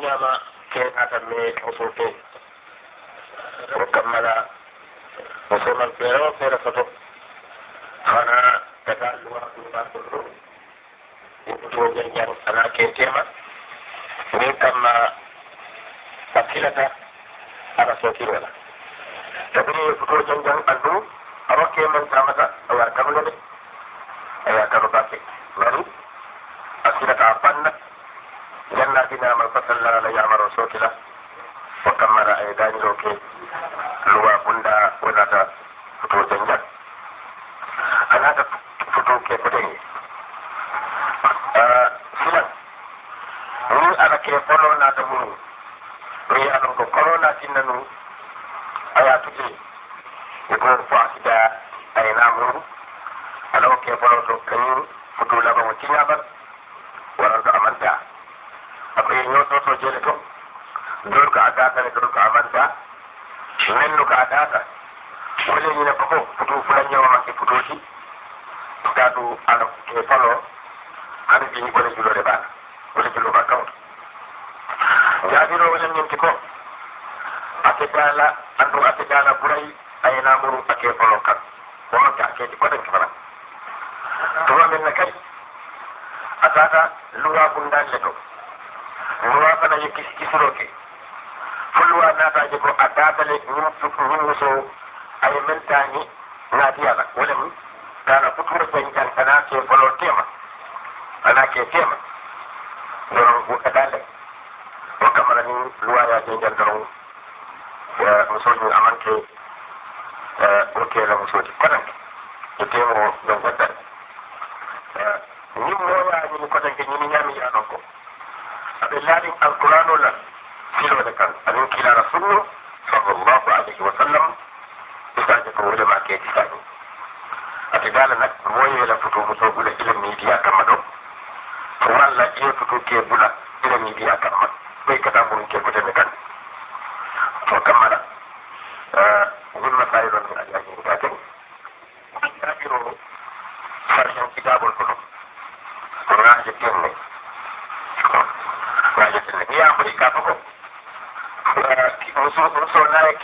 ñama ken atanne musul ke o kammala muso man feere o feere soto hana daga luwa ɗuma ɗoɗo woɓɓuto ñañar ana kentema min kamma hakkilata ana sokirola tagini futo janjan ɓandu awa keman tamata awa tamlode awa tamata ke mari hakkilata a panna jannatina man fasalla ala yamaro sotila o kammara e dañiro ke luwa bunda wonata foto janjat anata foto ke foteŋe silan ni ala ke folo nata munu mi ye alon ko kolo natinna nu aya tuti iko fo asida ayena munu ala o ke folo to kañum foto labaŋo tiñabat akoye ñototo jere to ndol ko adakane ndol ko amanta nenno ko adaka wole ñine fofo putu fula ñawamake putoti taatu ala e falo hade ɓini ɓole julore baala wole juloba kawto jaabiro wolen ñemti ko ake daala andu ake daala burayi ayenamuru ake falo kan womanke akeji koɗenke fana tuma men ne kay a tata luwa bundan le to ruwa fana yi kisiroke fulwa na ta jiko a tatale su muso a yi minta ni na tiya la wala mu dana na kutura ta yankan kana ke folo tema ana ke tema don ko adale ko kamara ni luwa ya ke jantarun da musoji a manke wuke so musoji kwanan ke temo don gwadar ni mo ya ni kwanan ke ni ni ya no ko. aɓe laaɓi alqur'an o lan filode kan aɗen kila rasullu sallllahu alayhi wa sallam isaje ko wolema keedi sani ate dala nak moyeela foto muso bula ila miidiya kamma ɗo to walla iyo foto ke bula ila miidiya kamma ɓoy kata mon ke kotene kan to kammana min masayilon min ajahinga ten ɗaɓiro farhen kitabol ko ɗo ko ngaje tenne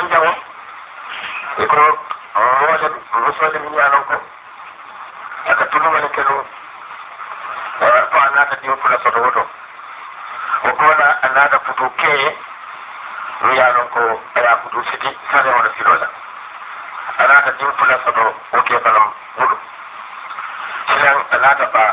man jawo e ko moole musode mi ñaanon ko aka tulumani keno ko a naata diwo fula soto woto o koona a naata futu keeye mi yaanon ko ala futu siti sane wona silola a naata diwo fula soto o kee fanam muɗum silan a naata ɓaa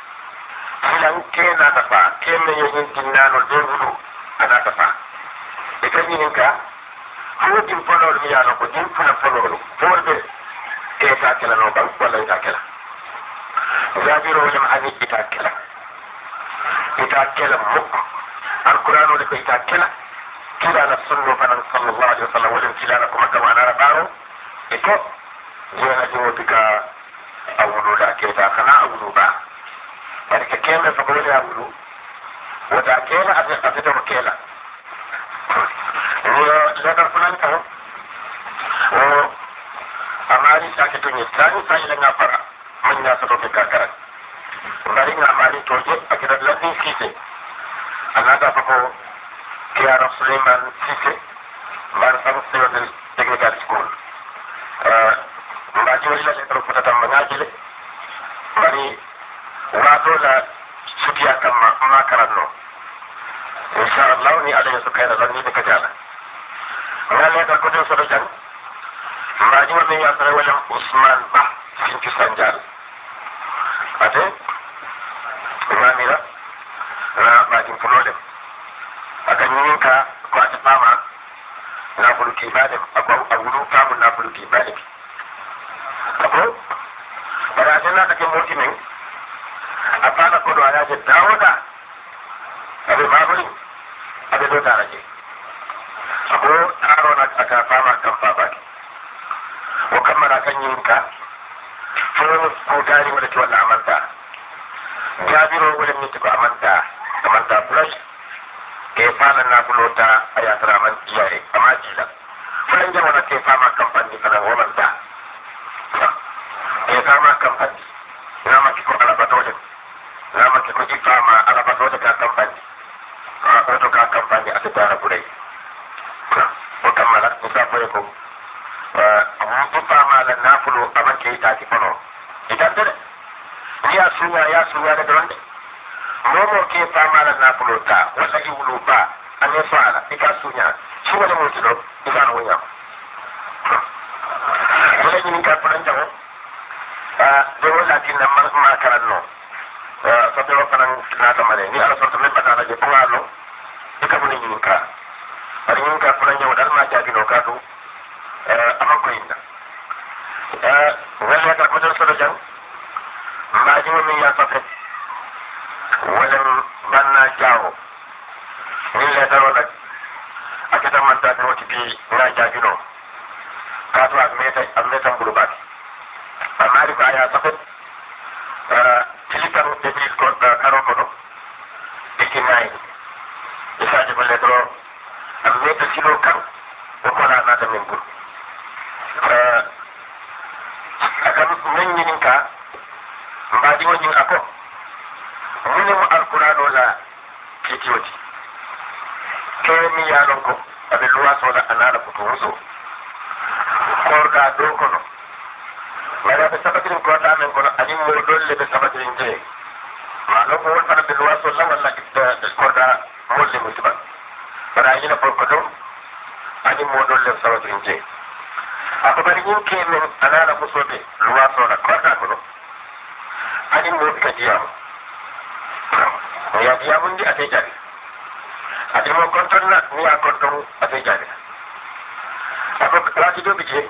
alan kena ta fa kena yin tinnano debulu ana ta fa e ka yin ka ko tin folor mi yana ko tin fula folor folbe e ta kala no ba wala ta kala zabiro lim ani ita kala ita kala muk alqur'anu da ita kala kila na sunnu fa sallallahu alaihi wasallam wala kila na kuma kama na rabaro e ko yana jiwo tika awulu da ke ta kana awulu ba keme sokole ya bulu wata keme atata wakela ruwa fulan fulanta o amari sake tunye tani sa ila nga para manya sa ke kakara bari nga amari toje akira lafi sise anada fako kiara suleiman sise marfan sewa technical school mbaji wala ladar fulanta mbaji wala bari wato la futiya kamma ma karanno inchallah ni aɗa yeeso kayna tan ni ɓe kadiala ngaleta koten soɗo jang mbaji wonno yasara walam ousmane ba fincu sandial ate mamira na ɓatin fuloɗem aka ñinin ka ko ate ɓama nafolu tibaɗem ako a wulu pamu nafolu tibaɗeki ako bara ate natake moti men afaan akka oduu jedhu daawwata abe maafuli abe doo taara jee aboo taaroon akaafaa maakkaffaa baake wakkan maraa kan yiinka foonu guutaanii walatti walla amantaa jaabiroo walimni tuka amantaa amantaa fulas keeffaa lannaa fuloota ayaatara amantii yaa'e amaa jiila fulan jabana keeffaa maakkamfanni kana wamantaa keeffaa maakkamfanni nama kiko alabatoota ramata ko ifama ala ba wata ka kamfani wata ka kamfani a cikin rabu dai ko kammala ko sa ko ko amma ifama la nafulo abake ta ti kono idan da ya suwa ya suwa da dronde momo ke fama la nafulo ta wala iwulu ba an yi fara ika sunya shi wani mutu don ika na wuya wala yi ni ka kunan jawo da wala tin na makaran no sapelo fanan silata mane ni ala sorta men batala je pungalo ika muni nyinka ari nyinka kuna nyawa darma jadi no kadu eh aman ko inda eh wala ka ko tan jang ma jimu min ya sapet wala banna jawo ni le akita man ta ti na jadi no kadu ak amari sarot inje akobari ko kelo anana musode luwa sona kota kulo ani mo kadiya ya diya bundi ate jadi ate mo konton na ni a konton ate jadi ako lati do bije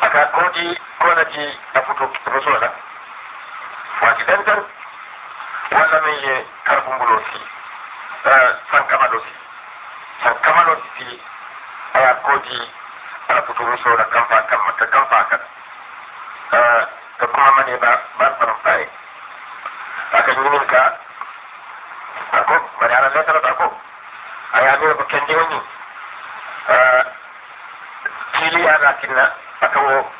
aka kodi kona ji afuto musona wati dantan wala me ye karbumbulosi eh, sankamadosi sankamadosi Koji, ana fito musu da kamfa kan mata kamfa kan ta kuma mane ba ba tsaron fare aka yi min ka ako ba da ranar tara ako a ya zo ba kan jiwani fili ya na kinna aka wo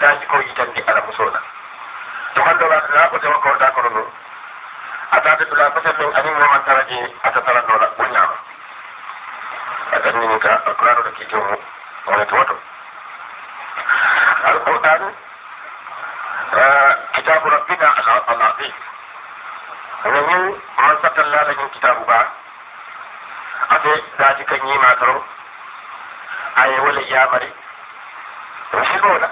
daji kogi tan di ala musu to kan da na ko ta ko ta ko man alkur'anu da ke jinmu wato wato alkur'anu kitabu rabbina al'azim wani man satan lalagin kitabu ba ase da ji kan yi matar ayi wani ya mari to shi gona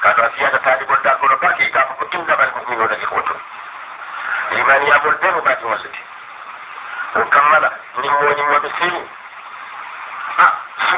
ka ta siya da talibin da kuma baki ka fi kuɗin da barkin yi wani hoto limani ya bulbe mu baki wasu ti to kammala ni wani wani sirri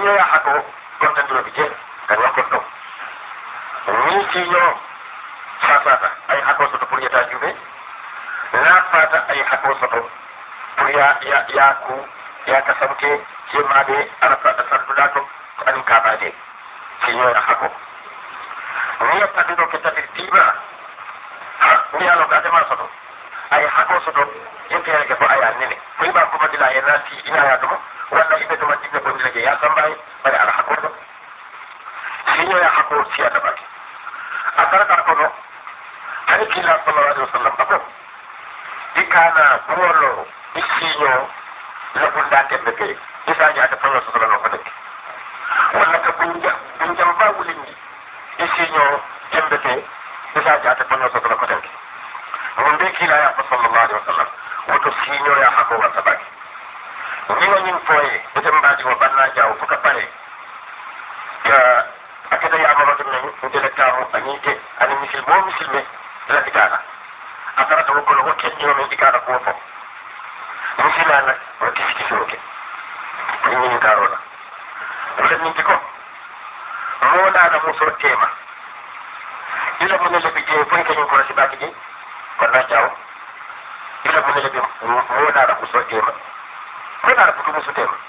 ñoo ya ko ñoom dañ la fi jël dañ wax ko taw ñii ci ñoo faafaata ay xakoo sa pour yetaa juume naa faata ay xakoo sa pour ya yaa yaa ku yaa kasamte ci maade ala faata sardu laato ko anin kaabaade ci ñoo yàq ko ñii tadiro ke tadir tiima ha ni yalo ka dema soto ay xakoo soto yente yake fo ayaa nene ko baa kuma dila ye naa ti ina yaa domo je ya san bai bari ala hakko shi ya hakko shi ya tabaki a sarkar kono har kila sallallahu alaihi wasallam bako ikana kuwolo isinyo labunda tembe ke isa ja ta sallallahu alaihi wasallam bako wala ka bunja bunja ba wulini isinyo tembe ke isa ja ta sallallahu alaihi wasallam bako rumbe kila ya sallallahu alaihi wasallam wato sinyo ya hakko wa tabaki ni wani foye ati wa banna jaw fo pare ka akata ya ba bakar nan inda da kamu ani te ani misil bo misil me la kitana akara to ko ko ken yo me dikara ko fo misila na ko kisi kisi ko ni ni karo na ko ni ko mo da da mo so tema ila mo ne le bi je fo ko ko si ba ki banna jaw ila mo ne le bi mo da da ko so tema ko da ko mo so tema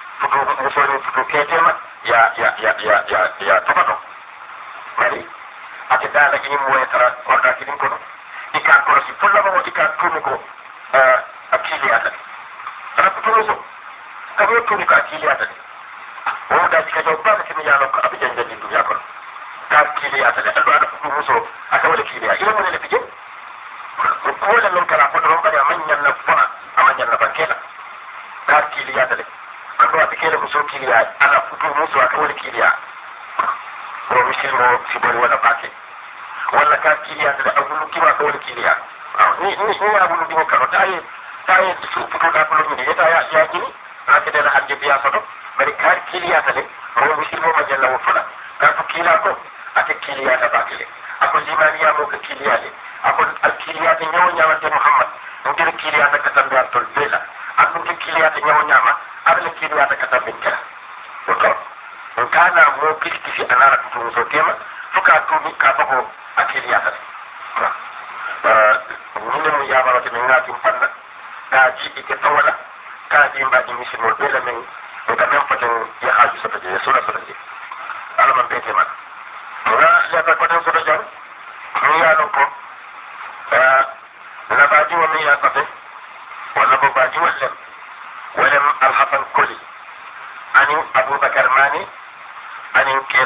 futukeetema ya topato bari ate daana inim wetara korɗa kiɗin kono ika korosi ya ika tumi ko a kiiliyata ana kutumi ya kaɓe a de wowda ya ya kono el a kiliya ana fito musu a kawar kiliya ko mishin mo ci bari wala pake wala ka kiliya da abulu kiwa kawar kiliya ni ni ni abulu kiwa karo tayi tayi su fito da abulu ni ya ya ya gini na ke da hanje biya sodo bari ka kiliya ta le ko mishin mo majalla wa fala na to kila ko ate kiliya ta pake ako limaniya mo ka kiliya le ako al kiliya ta nyawo nyawante muhammad ngir kiliya ta katambe atol bela ako kiliya ta nyawo nyama abla kiliya ta katambe kala kana mo kisi kisi anara so tema fuka tubi kapako akili yakati mine mu yabanoti min ŋatim fanna ka jiɓite tawala ka jimbaji misinol ɓeela min ga men foten yahaju sota je sura soto je ala man ya man ga yata foten soto jam min yanon ko nabaji wala min yasate walla bo baji wallen wolen alhasan koli abu aboubacar mani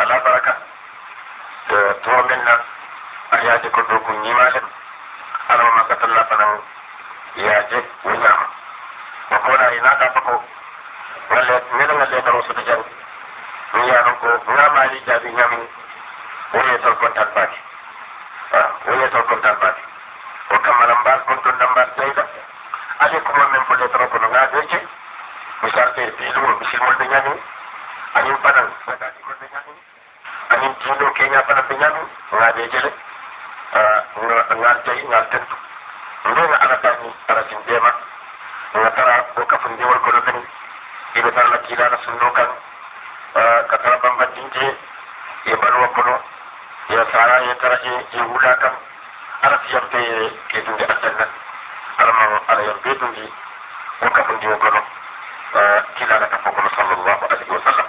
ala baraka to tuma men a yaaje ko dow ko ñimaten alama makka talla fanan yaaje wuñaama o koona e naata fako walle mena walle taro soto jam mi yaanon ko ñaamaali jaabi ñamin woye tol kontan baake woye tol kontan baake o kammala mbaal kon ton ndam mbaal jeyda ale kuma, men fo letaro kono ngaabe ce mi sarte biilumo misilmol ɓe ñamin anin banan sagaɗi kol ɓe ñamin min do eh, ke nya bana pinya do nga de jele nga nga tay nga tan ndo na ala tan ala sin dema nga tara ko ka fun dewal ko do tan ibe tar la kila na sun do kan ka tara ban ban dinje e balwa ko do ya sara ya tara e e wula kan ala fiyarte ke dunde eh, atanna ala ma ala yambe dunde ko ka fun dewal ko do kila na ka fun sallallahu alaihi wasallam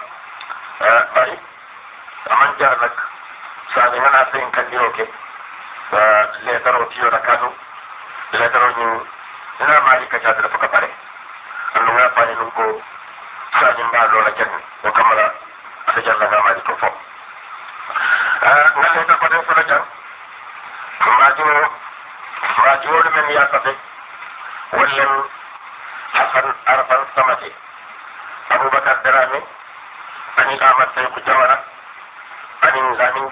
mana sen kandiro ke ba letaro tiyo da kanu letaro ni ina mali ka ta da fuka bare annu ya fani nun ko sajin ba lo la kenni ko kamala ta janna ga mali ko fo ah ngale ta ko da fara jan ma to ma to men ya ta fe wallan hasan arfan samati abubakar darami ani ahmad sai ku jawara ani zamin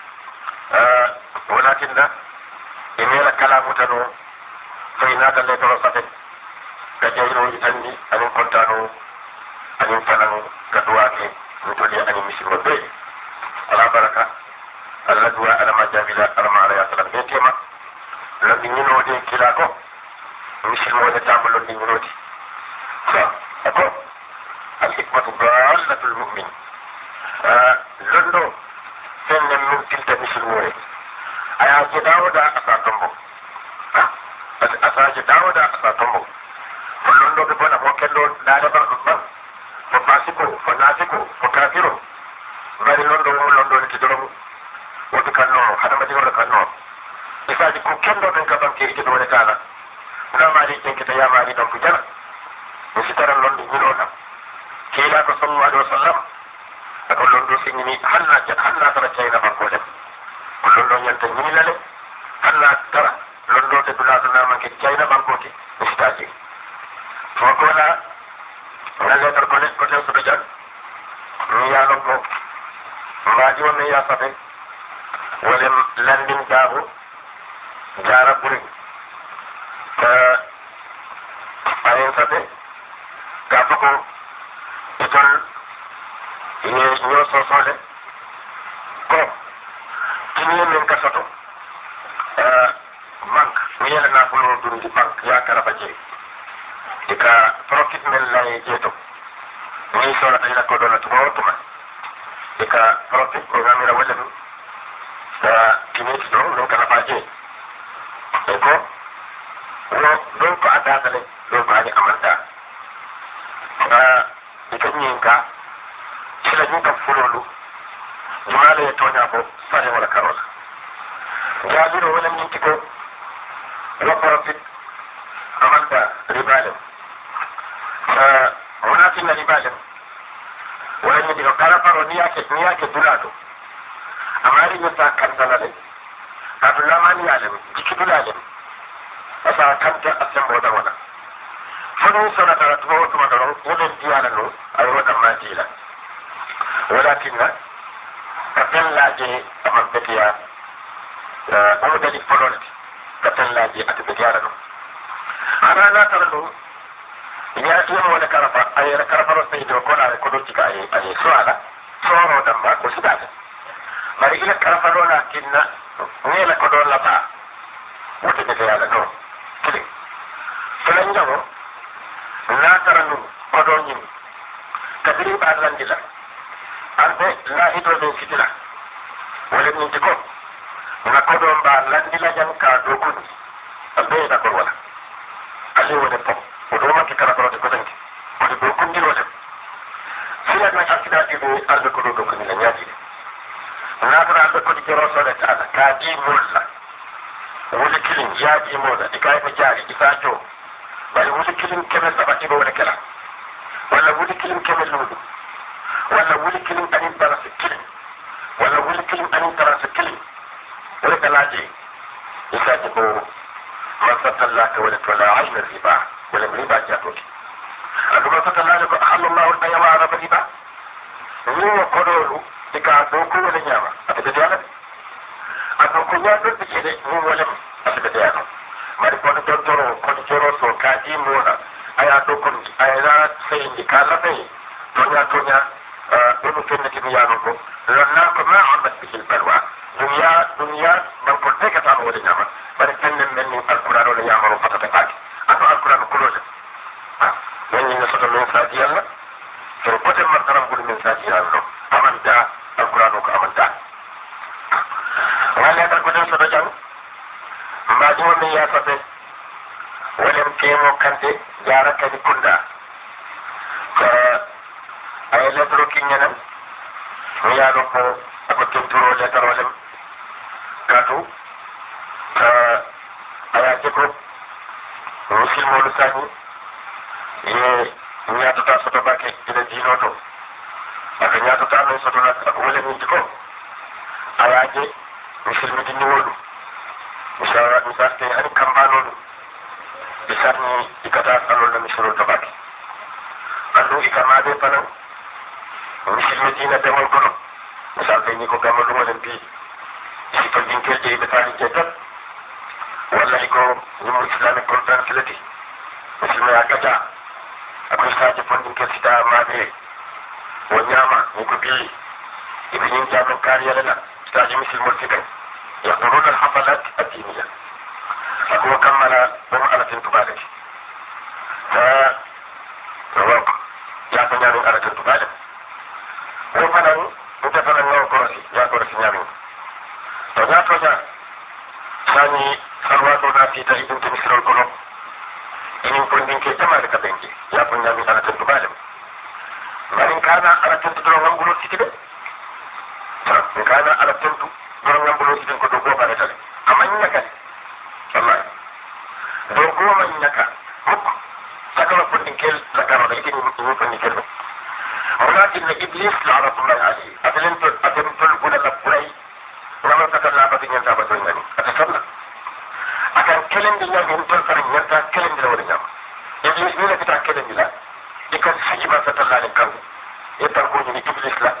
wolatinda e mera kala futano foyi naatalle toro saten ga jeyro itanni anin kontano anin fanan ga duwake mi toli anin misiro be ala baraka allah duwa alama jaabila alama alaya salam be tema londi ñinode kila ko misilmoje tamba londi ñinodi ako alhikmatu dallatu lmumin londo fennen mum tilta misilmoye a yake dawo da a satumbo a sake dawo da a satumbo kullum lobi bana mokello na da bar dubban fa fasiko fa nafiko fa kafiro ngari londo wo londo ni kidoro wotu kanno hada ma jigoro kanno isaji ko kendo den ka banke ike do ne kala na mari tenke ta yamari don kujana ni sitara londo ni lona kila ko sallallahu alaihi wasallam ko londo sinni hanna hanna tara chayna banko dem londo ñanta ñiilale alla tara londo te dula sanama ke cayna banko ke usta ke foko la na letar ko ne ko te so jang ni ya lon ko mbaaji won ya fate wala landin daabu jara buri ka ay fate ka fako itan ni ñoo so so de ko imu min ka soto bank mi yele na fulo dundi bank ya kara baje ika profit men la ye jeto ni sora ta ila ko dona to to ma ika profit programme la wala ta kineti do do kara baje e ko no do ko ada kale do ko ani amanta ta ika nyinka sila nyinka fulo lu duwala ya tonya ko sani wala karola jaabiro wala minti ko wa profit amanta ribalem sa onati ribalem wala minti ko kala paro ni yaake ni yake dulado amari ni kantala de le adulla mani yalem diki dulalem asa kanta asembo da wala fonu sona tara tuwa tuma tara wonen diyala no ay wata matila walakin na ka fellaje aman beteya omo dañi fononde ka fellaje ate beteyara ɗum ana latara ɗum ñaatiyam wone karafa ayena karafaro seydo koɗare ko ɗon cika aye aye soala soro damba ko sitade mari ila karafarola kinna ngeela ko ɗon laba wote beteyaɗa noon kilin felan jango natara ndum ko ɗon ñimi kadiri ɓaɗlandila arde la ido do fitila wala ni tiko na ko don ba la ni la jam ka do ko ambe da ko wala ali wala pop ko do ma ki kala ko ko tan ki ko do ko ni wala sila na ka kida di do arde ko do ko ni la nyaati na ko arde ko di jero sole taala ka di mulla wala kilin ya di mulla di kai ko jaari di ka to bari wala kilin kebe sabati do wala kala wala wala kilin kebe lulu walla wuli kilim kañum tarasa kilim walla wuli kilim kañum tarasa kilim wala ka laaje isaaji ko man fatallaka wala tola ayna riba wala mi riba jatoki adu man fatallaka ko ahallallahu tayama araba riba wiwo koɗolu ika dow ko wala ñama ata ɓe deyana ɓe ado ko ñaɗoɓe ceɗe min walem ata ɓe deyano mari kono jontoro kono joro so ka dimona aya dow kon ayana sayindi ka lafayi toña toña bu kenn ci duñaanu ko loolu naa ko maa amat bi sil balwa duñyaa duñyaa man ko dekkataan wala ñaama bari kenne men ni alquran wala yaamaro fatata baake ako alquran kulole waaw men ñi nga soto min saati yalla to bote man taram bulu min saati yalla no aman daa alquran ko aman daa wala tar ko den soto jang maa ɗuma min yaasate walem keemo kante jaara kadi kunda ay lettre kiñanan laaɗo ko eko tenturo letarolem kaatu ayaje ko musilmolu sañi ye ñatata soto bake ina jiino to aka ñatata men soto nak ako woleminji ko ayaje musilmidinniwol ɗum misara misarte hani kambanolu i sarni i kata salol no misirol to bake andu i kamaɓe panan musilmidina demol kono misal fe ni ko gamma ɗum oɗen mbi hikka jinkel je yimɓe taani je tan walla hiko ñimmo islamique conférence leti musilma ya gaja ako sitaje fondinkel sita maɓe o ñaama ni ko mbi iɓe ñin jamen kaariyalela sitaje musilmol siten yahduruna alhafalat addiniya ako wo kammala ɗon alaten tubaleke ta rok yatañamin alaten tubalem wo fanan jafara nawa korosi jakoro siñamin to ñatoña sani sarwatoɗa fiita iɗum te misirol kono inin kondinke jamare ka ɓenke yapo ñamin ala tentu balem manin kana ala tentu doro gambulo siti ɓe min kana ala tentu doro gambulo sitin ko dow gomane tale amañña kadi wallahi dow gomaññaka mukko sakala kondinkel zakaro ɗa itin wutonni kelɗo ولكن ابليس لعنه الله عليه اتلم اتلم فلفل لفري ولم تكن لعبه ينتا بسوينني اتسنى اكن كلم بالله من تنفر ينتا كلم بالله ولا نعم ابليس مين كتا كلم بالله يكون حجما فتلا لكم يتركون من ابليس لا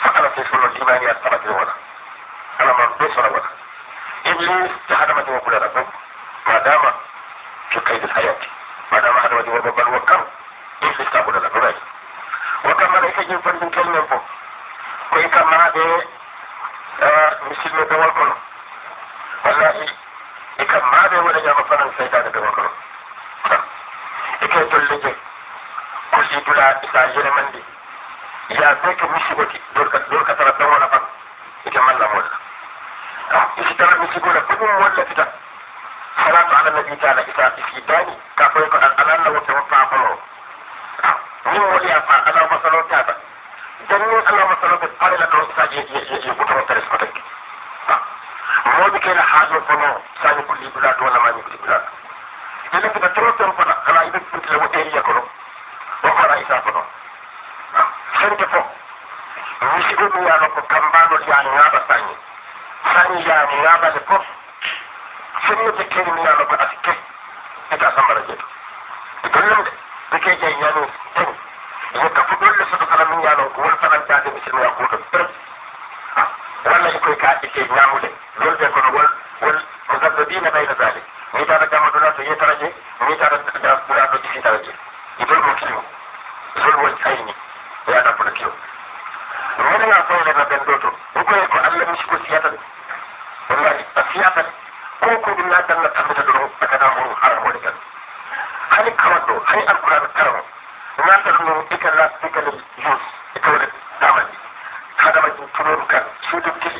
فقرة سنة الإيمان يستمت لولا أنا مرضيس ولا إبليس تحدمت وقلنا ما دام في قيد الحياة ما دام أحد وجه وبل وكم jin fandin kelmel fof koye kam haaɓe misilme dewol kono wallahi e kam maaɓe wona ñaama fanan seytade dewol kono eke dolle je kolli dula sa jene mandi ya beke misigoti dorka tara dawola fat eke malla molla isi tara misigola ko ɗum wolla fita salatu ala nabi taala isa isi daani ka foye ko an alanna wote woppa kono o يقول تلسكوتك مودي كلا حاجة فنو سامي كل بلاد ولا ما يكل بلاد إذا كنت تروتم فنا كلا إذا كنت لو إيه يكلو وقال إيسا فنو سنك فو مشيكو بيانو كمبانو يعني نابا ساني ساني يعني نابا لكو سنك كيري ميانو بأسكي إذا سمرا جدو إذا لم تكي جاي يعني تن إذا كفو دول لسدو كلا ميانو ولفنا جاتي مثل ما يقولون koy ka itte ñamude lolde kono wol wol ko gabbadina bayna dalik ni tata kama dula to yetaraje ni tata da bula to isi taraje idol mo kiwo idol wol ayni ya da pula kiwo ngana na fayla na ben doto ko ko Allah mishi ko siyata de wallahi siyata ko ko dum na tan na tabbata do aka da mun haram wala kan hani kawado hani alquran karawo na ta no ikalla ikalla yus ikalla damani kada ma tuno kan su dukki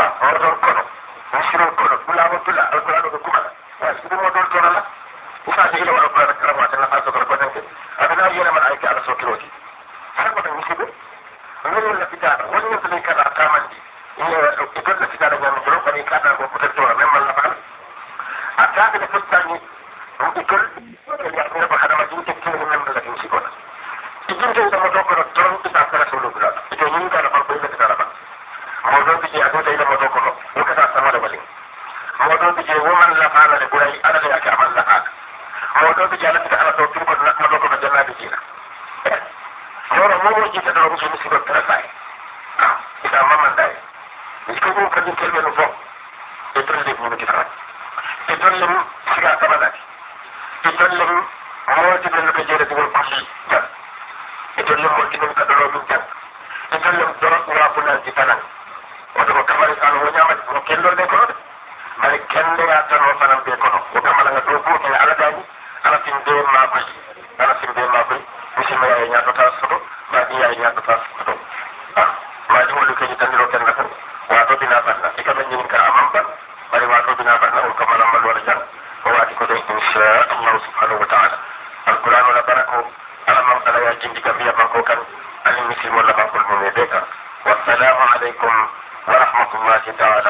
ولكن ಹೊರದವ್ರ ಕೊಡು ಹಸಿರವ್ರ ಕೊಡು ಗುಲಾಬ ಪಿಲ್ಲ ಅದು ಗುಲಾಬ ಕುಮಲ ಇದು ಮೊದಲು ಕೊಡಲ್ಲ وهذه لو أقول لك رمات أن أصدق البدن أبناء ينمى عليك على صوت الوجه هناك المسلم من هناك اللي في دارة وزن في كذا من دي إيه إقدر في دارة من جلوك أن يكاد أن أقول ila moto kono wo kata samare bali moto bi je wo man la fa na le burai ala le aka man la fa moto bi jala ta ala to tu ko na moto kono janna bi jina yoro mo mo jita do musu musu ko tara sai ida mamman dai ni ko ko kan kelbe no fo e tan le mo ki fa e tan le mo siga ta bada e tan le mo awati be no ko jere duwol kulli e tan le mo ki no ka do do jang e tan le mo do ra ko na jita na amadi mo kendol de kono mari kende ya tan o fanan be kono o gamala nga do ko e ala dani ala tin de ma ko ala tin de ma ko musim ya nya to tas to ba ni ya nya to tas to ma ji wolu ke ji tan do ken na ko wa to bina banna e kama nyin ka amam ban bari wa to bina banna o kamala mbal wala jan o wa ko de insha Allah subhanahu wa ta'ala alquran wala barako ala man ala ya jindi ka biya banko kan al muslimu la banko mo be ka wa assalamu alaikum kita